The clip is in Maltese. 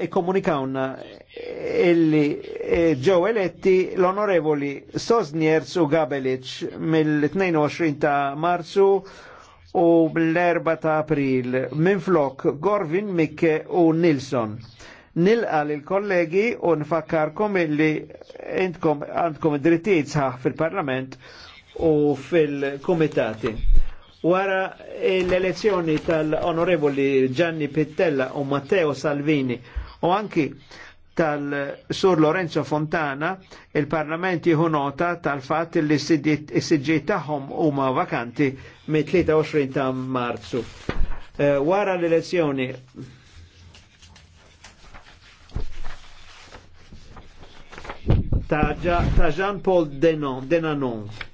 ikkomunikawna eh, e eh, illi ġew eh, eletti l-onorevoli Sosnierz u Gabelic mill-22 ta' Marzu u mill-4 ta' April minn flok Gorvin Mikke u Nilsson. Nilqa il kollegi u nfakkarkom illi għandkom drittijiet sħaħ fil-parlament u fil-komitati. Wara eh, l-elezzjoni tal-onorevoli Gianni Pittella u Matteo Salvini u anki tal-Sur Lorenzo Fontana, il-Parlament jihu nota tal-fatt li s-sidġiet tagħhom huma vakanti mit-23 ta' Marzu. Eh, wara l-elezzjoni ta' Jean-Paul Denon, Denanon